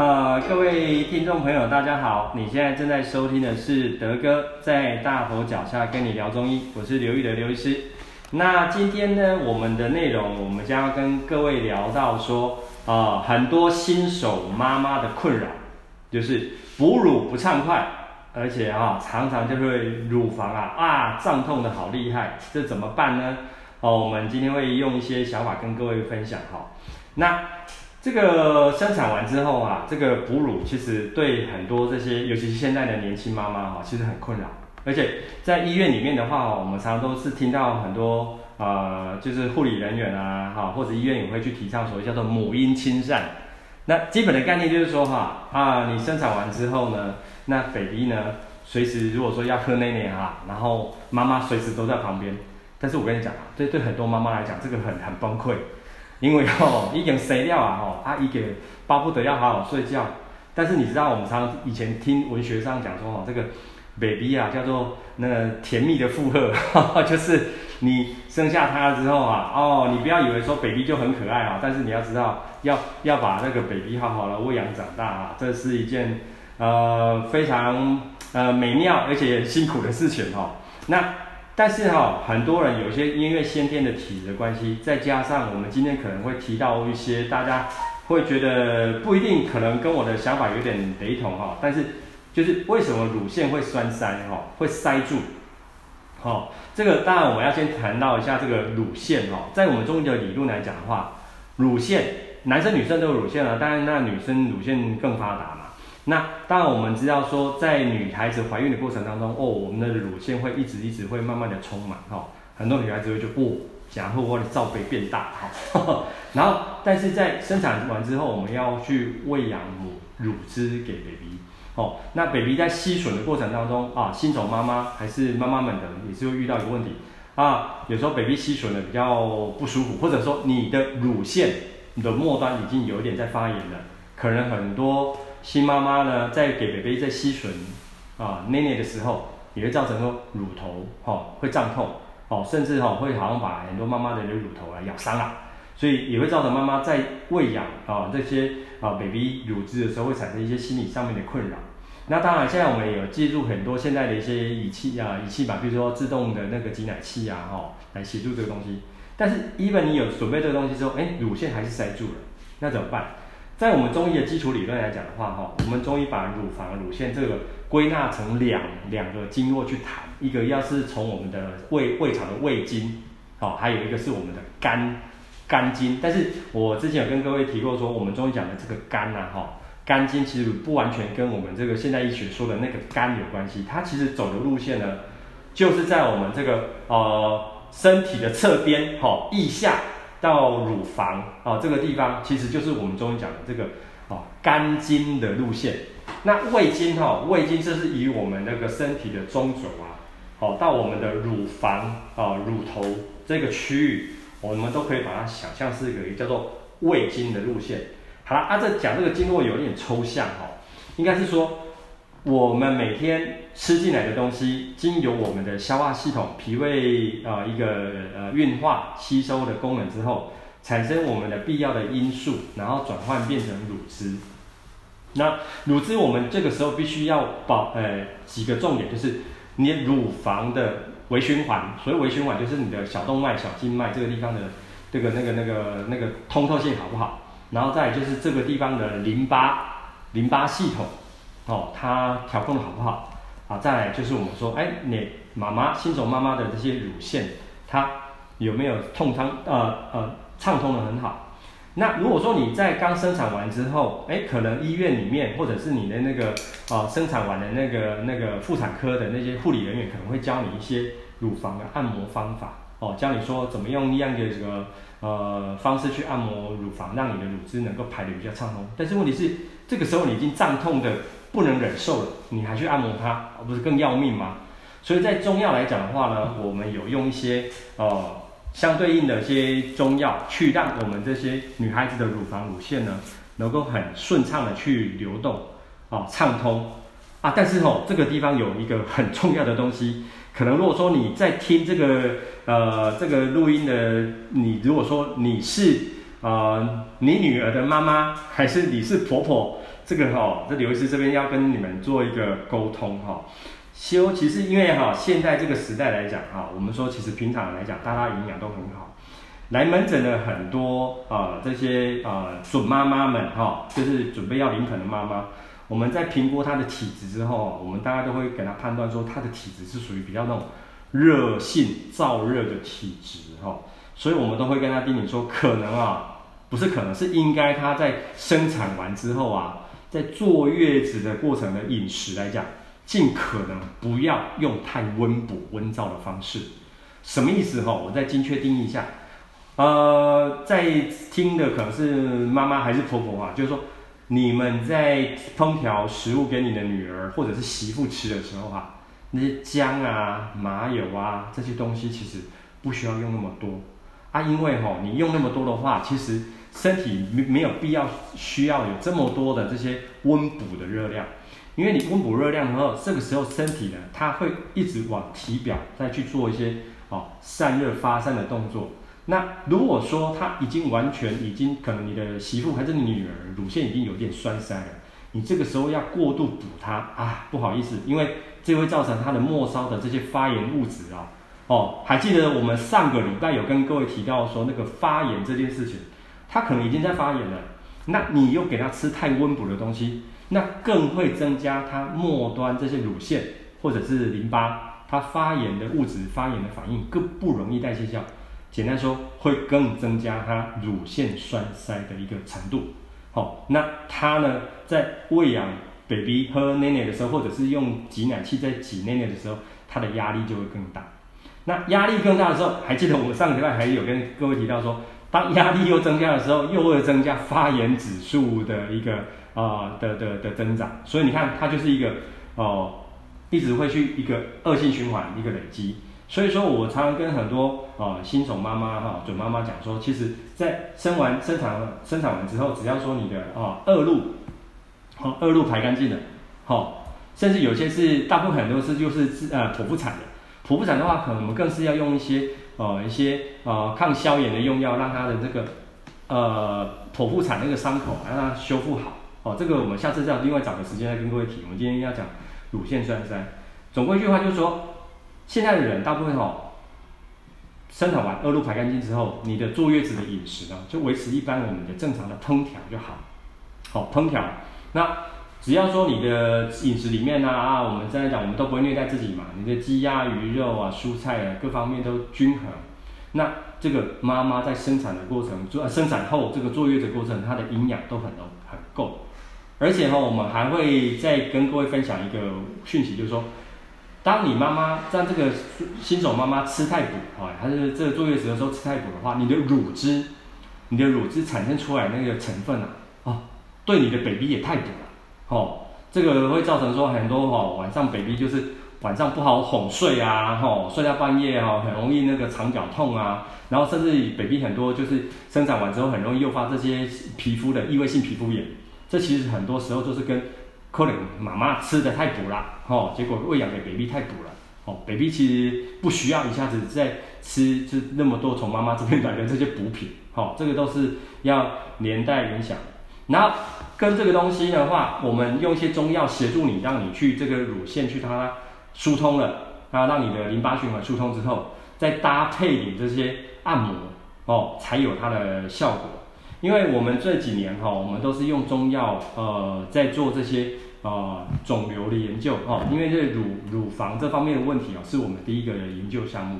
呃，各位聽眾朋友，大家好，你現在正在收聽的是德哥在大佛腳下跟你聊中醫，我是劉益德劉醫師。那今天呢，我們的內容我們將要跟各位聊到說，呃，很多新手媽媽的困擾，就是哺乳不暢快，而且啊、哦，常常就會乳房啊啊脹痛的好厲害，這怎麼辦呢？哦，我們今天會用一些想法跟各位分享哈。那。這個生產完之後啊，這個哺乳其實對很多這些，尤其是現在的年輕媽媽哈、啊，其實很困擾。而且在醫院裡面的話、啊，我們常常都是聽到很多呃，就是護理人員啊，哈，或者醫院也會去提倡所謂叫做母嬰親善。那基本的概念就是說哈、啊，啊，你生產完之後呢，那 baby 呢，隨時如果說要喝奶奶啊，然後媽媽隨時都在旁邊。但是我跟你講啊，對，對很多媽媽來講，這個很很崩潰。因為哦，已經生掉啊吼，他、啊、已經巴不得要好好睡覺。但是你知道，我們常以前聽文學上講說，哦，這個 baby 啊，叫做那個甜蜜的負荷呵呵，就是你生下他之後啊，哦，你不要以為說 baby 就很可愛啊，但是你要知道，要要把那個 baby 好好的餵養長大啊，這是一件呃非常呃美妙而且辛苦的事情哈、啊。那。但是哈，很多人有一些因為先天的體質的關係，再加上我們今天可能會提到一些，大家會覺得不一定可能跟我的想法有點雷同哈。但是就是為什麼乳腺會栓塞哈，會塞住？哈，這個當然我們要先談到一下這個乳腺哈，在我們中醫的理論來講的話，乳腺男生女生都有乳腺了，當然那女生乳腺更發達。那當然，我們知道說，在女孩子懷孕的過程當中，哦，我們的乳腺會一直一直會慢慢的充滿，哈、哦，很多女孩子會覺得，哦，然後我的罩杯變大，哈，然後，但是在生產完之後，我們要去餵養母乳、乳汁給 baby，哦，那 baby 在吸吮的過程當中，啊，新手媽媽還是媽媽們的也是會遇到一個問題，啊，有時候 baby 吸吮的比較不舒服，或者說你的乳腺你的末端已經有一點在發炎了，可能很多。新媽媽呢，在給 baby 在吸吮，啊、呃，奶奶的時候，也會造成說乳頭哈、哦、會脹痛，哦，甚至哈、哦、會好像把很多媽媽的個乳頭啊咬傷了，啊，所以也會造成媽媽在餵養啊、哦、這些啊 baby、哦、乳汁的時候會產生一些心理上面的困擾。那當然，現在我們有借助很多現在的一些儀器啊、呃、儀器嘛，比如說自動的那個擠奶器啊，哈、哦，來協助這個東西。但是 even 你有準備這個東西之後，誒乳腺還是塞住了，那怎麼辦？在我們中醫的基礎理論來講的話，哈，我們中醫把乳房、乳腺這個歸納成兩兩個經絡去談，一個要是從我們的胃胃腸的胃經，好，還有一個是我們的肝肝經。但是我之前有跟各位提過說，我們中醫講的這個肝吶，哈，肝經其實不完全跟我們這個現代醫學說的那個肝有關係，它其實走的路線呢，就是在我們這個呃身體的側邊，哈，腋下。到乳房啊，這個地方其實就是我們中醫講的這個哦肝經的路線。那胃經哈、啊，胃經這是以我們那個身體的中軸啊，好、啊、到我們的乳房啊、乳頭這個區域，啊、我們都可以把它想象是一個叫做胃經的路線。好了，啊這講這個經絡有一點抽象哈、啊，應該是說。我們每天吃進來的東西，經由我們的消化系統、脾胃啊、呃、一個呃運化、吸收的功能之後，產生我們的必要的因素，然後轉換變成乳汁。那乳汁我們這個時候必須要保，呃幾個重點，就是你乳房的微循環，所謂微循環就是你的小動脈、小靜脈這個地方的這個那個那個那個通透性好不好？然後再就是這個地方的淋巴淋巴系統。哦，它調控得好不好好、啊，再來就是我們說，哎，你媽媽新手媽媽的這些乳腺，它有沒有通暢？呃呃，暢通得很好。那如果說你在剛生產完之後，哎，可能醫院裡面或者是你的那個呃生產完的那個那個婦產科的那些護理人員可能會教你一些乳房的按摩方法，哦，教你說怎麼用一樣的這個呃方式去按摩乳房，讓你的乳汁能夠排得比較暢通。但是問題是，這個時候你已經脹痛的。不能忍受了，你還去按摩它，而不是更要命嗎？所以在中藥來講的話呢，我們有用一些呃相對應的一些中藥去讓我們這些女孩子的乳房乳腺呢能夠很順暢的去流動，啊、呃、暢通啊，但是吼、哦、這個地方有一個很重要的東西，可能如果說你在聽這個呃這個錄音的，你如果說你是。呃，你女兒的媽媽還是你是婆婆？這個哈、哦，這劉醫師這邊要跟你們做一個溝通哈。修、哦、其實因為哈、哦，現在這個時代來講啊、哦，我們說其實平常來講，大家營養都很好，來門診的很多啊、呃，這些啊、呃、準媽媽們哈、哦，就是準備要臨盆的媽媽，我們在評估她的體質之後，我們大家都會給她判斷說她的體質是屬於比較那種熱性燥熱的體質哈。哦所以，我們都會跟他叮嚀說，可能啊，不是可能，是應該。他在生產完之後啊，在坐月子的過程的飲食來講，盡可能不要用太溫補、溫燥的方式。什麼意思哈？我再精確定義一下。呃，在聽的可能是媽媽還是婆婆啊，就是說，你們在烹調食物給你的女兒或者是媳婦吃的時候哈、啊，那些薑啊、麻油啊這些東西，其實不需要用那麼多。啊，因為吼、哦、你用那麼多的話，其實身體沒沒有必要需要有這麼多的這些溫補的熱量，因為你溫補熱量之後，這個時候身體呢，它會一直往體表再去做一些哦散熱發散的動作。那如果說它已經完全已經，可能你的媳婦還是你女兒，乳腺已經有點栓塞了，你這個時候要過度補它啊，不好意思，因為這會造成它的末梢的這些發炎物質啊、哦。哦，還記得我們上個禮拜有跟各位提到說，那個發炎這件事情，他可能已經在發炎了，那你又給他吃太溫補的東西，那更會增加他末端這些乳腺或者是淋巴，他發炎的物質、發炎的反應更不容易代謝掉。簡單說，會更增加他乳腺栓塞的一個程度。好、哦，那他呢，在餵養 baby 喝奶奶的時候，或者是用擠奶器在擠奶奶的時候，他的壓力就會更大。那壓力更大的時候，還記得我們上個禮拜還有跟各位提到說，當壓力又增加的時候，又會增加發炎指數的一個啊、呃、的的的、的增長，所以你看它就是一個哦、呃，一直會去一個惡性循環，一個累積。所以說我常常跟很多啊、呃、新手媽媽哈、準媽媽講說，其實在生完生產生產完之後，只要說你的啊惡、呃、露，好、呃、惡露排乾淨了，好、呃，甚至有些是大部分很多是就是呃剖腹產的。剖腹產的話，可能我們更是要用一些，呃，一些呃抗消炎的用藥，讓它的這個，呃，剖腹產那個傷口讓它修復好。哦，這個我們下次再要另外找個時間再跟各位提。我們今天要講乳腺栓塞，總歸一句話就是說，現在的人大部分哦，生產完惡露排乾淨之後，你的坐月子的飲食呢，就維持一般我們的正常的烹調就好。好烹調，那。只要說你的飲食裡面呢，啊，我們現在講，我們都不會虐待自己嘛。你的雞鴨、啊、魚肉啊，蔬菜啊，各方面都均衡。那這個媽媽在生產的過程，做生產後這個坐月子過程，她的營養都很很夠。而且哈、哦，我們還會再跟各位分享一個訊息，就是說，當你媽媽在這個新手媽媽吃太補啊，還是這個坐月子的時候吃太補的話，你的乳汁，你的乳汁產生出來那個成分啊，啊、哦，對你的 baby 也太補。哦，這個會造成說很多哦，晚上 baby 就是晚上不好哄睡啊，哈、哦，睡到半夜哈、哦，很容易那個腸絞痛啊，然後甚至於 baby 很多就是生產完之後很容易誘發這些皮膚的異位性皮膚炎，這其實很多時候都是跟，可能媽媽吃得太補了，哈、哦，結果餵養給 baby 太補了，哦，baby 其實不需要一下子再吃吃那麼多從媽媽這邊來的這些補品，哈、哦，這個都是要連帶影響。然後跟這個東西的話，我們用一些中藥協助你，讓你去這個乳腺去它疏通了，它讓你的淋巴循環疏通之後，再搭配你這些按摩哦，才有它的效果。因為我們這幾年哈、哦，我們都是用中藥呃在做這些呃腫瘤的研究哦，因為這乳乳房這方面的問題啊，是我們第一個的研究項目，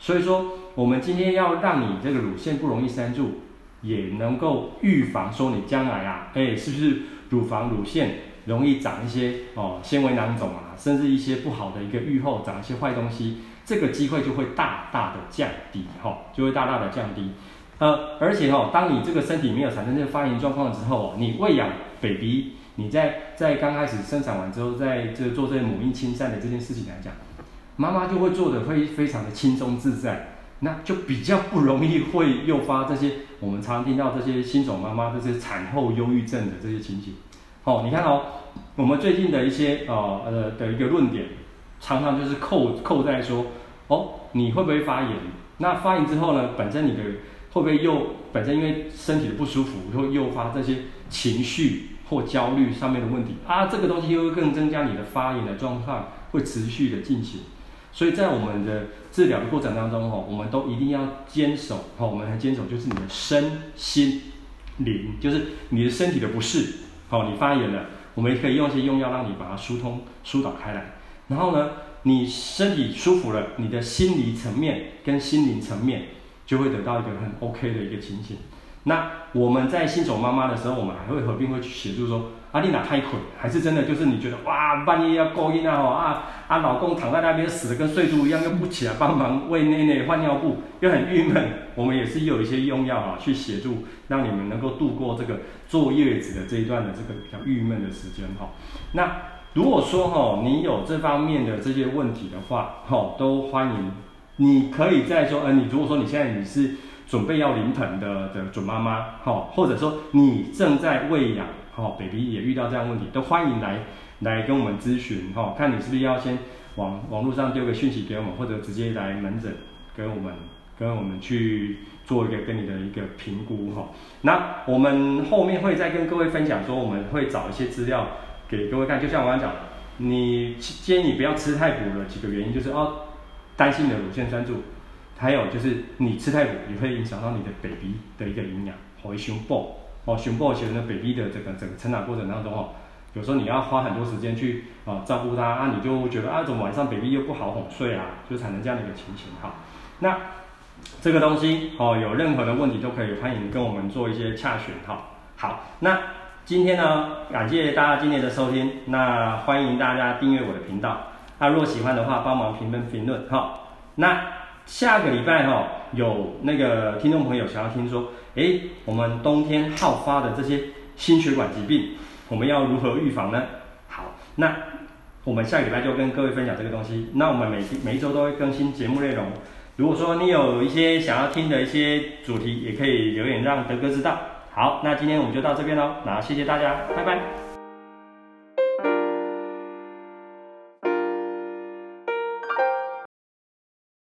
所以說我們今天要讓你這個乳腺不容易塞住。也能夠預防說你將來啊，哎，是不是乳房乳腺容易長一些哦纖維囊腫啊，甚至一些不好的一個預後，長一些壞東西，這個機會就會大大的降低哈、哦，就會大大的降低。呃，而且哦，當你這個身體沒有產生這個發炎狀況之後哦，你餵養 Baby，你在在剛開始生產完之後，在這做這母嬰親善的這件事情來講，媽媽就會做得非非常的輕鬆自在。那就比較不容易會誘發這些，我們常聽到這些新手媽媽這些產後憂鬱症的這些情形。哦，你看哦，我們最近的一些呃呃的一個論點，常常就是扣扣在說，哦，你會不會發炎？那發炎之後呢，本身你的會不會又，本身因為身體的不舒服，會誘發這些情緒或焦慮上面的問題啊，這個東西又會更增加你的發炎的狀況，會持續的進行。所以在我們的治療的過程當中，吼，我們都一定要堅守，吼，我們還堅守就是你的身心靈，就是你的身體的不適，吼，你發炎了，我們也可以用一些用藥讓你把它疏通、疏導開來。然後呢，你身體舒服了，你的心理層面跟心靈層面就會得到一個很 OK 的一個情形。那我們在新手媽媽的時候，我們還會合併會去協助說，阿麗娜太苦，還是真的就是你覺得哇半夜要勾引啊啊啊，啊老公躺在那邊死的跟睡豬一樣，又不起來幫忙餵內內換尿布，又很鬱悶。我們也是有一些用藥哈、啊，去協助讓你們能夠度過這個坐月子的這一段的這個比較鬱悶的時間哈、哦。那如果說哈、哦、你有這方面的這些問題的話，哈、哦、都歡迎，你可以再說，呃你如果說你現在你是。準備要臨盆的的準媽媽，好、哦，或者說你正在餵養，好、哦，baby 也遇到這樣的問題，都歡迎來來跟我們諮詢，哈、哦，看你是不是要先往網網絡上丟個訊息給我們，或者直接來門診，跟我們跟我們去做一個跟你的一個評估，哈、哦。那我們後面會再跟各位分享說，我們會找一些資料給各位看。就像我剛講，你建議你不要吃太補了，幾個原因就是哦，擔心你的乳腺栓住。還有就是，你吃太補也會影響到你的 baby 的一個營養，哦，熊抱，哦，熊抱起來呢，baby 的這個整個成長過程當中哦，有時候你要花很多時間去、呃、照顧他，那、啊、你就覺得啊，怎麼晚上 baby 又不好哄睡啊，就產生這樣的一個情形哈。那這個東西哦，有任何的問題都可以歡迎跟我們做一些洽詢哈。好，那今天呢，感謝大家今天的收聽，那歡迎大家訂閱我的頻道，那如果喜歡的話，幫忙評論評論哈。那。下個禮拜哈、哦，有那個聽眾朋友想要聽說，哎，我們冬天好發的這些心血管疾病，我們要如何預防呢？好，那我們下個禮拜就跟各位分享這個東西。那我們每天每一周都會更新節目內容。如果說你有一些想要聽的一些主題，也可以留言讓德哥知道。好，那今天我們就到這邊嘍，那謝謝大家，拜拜。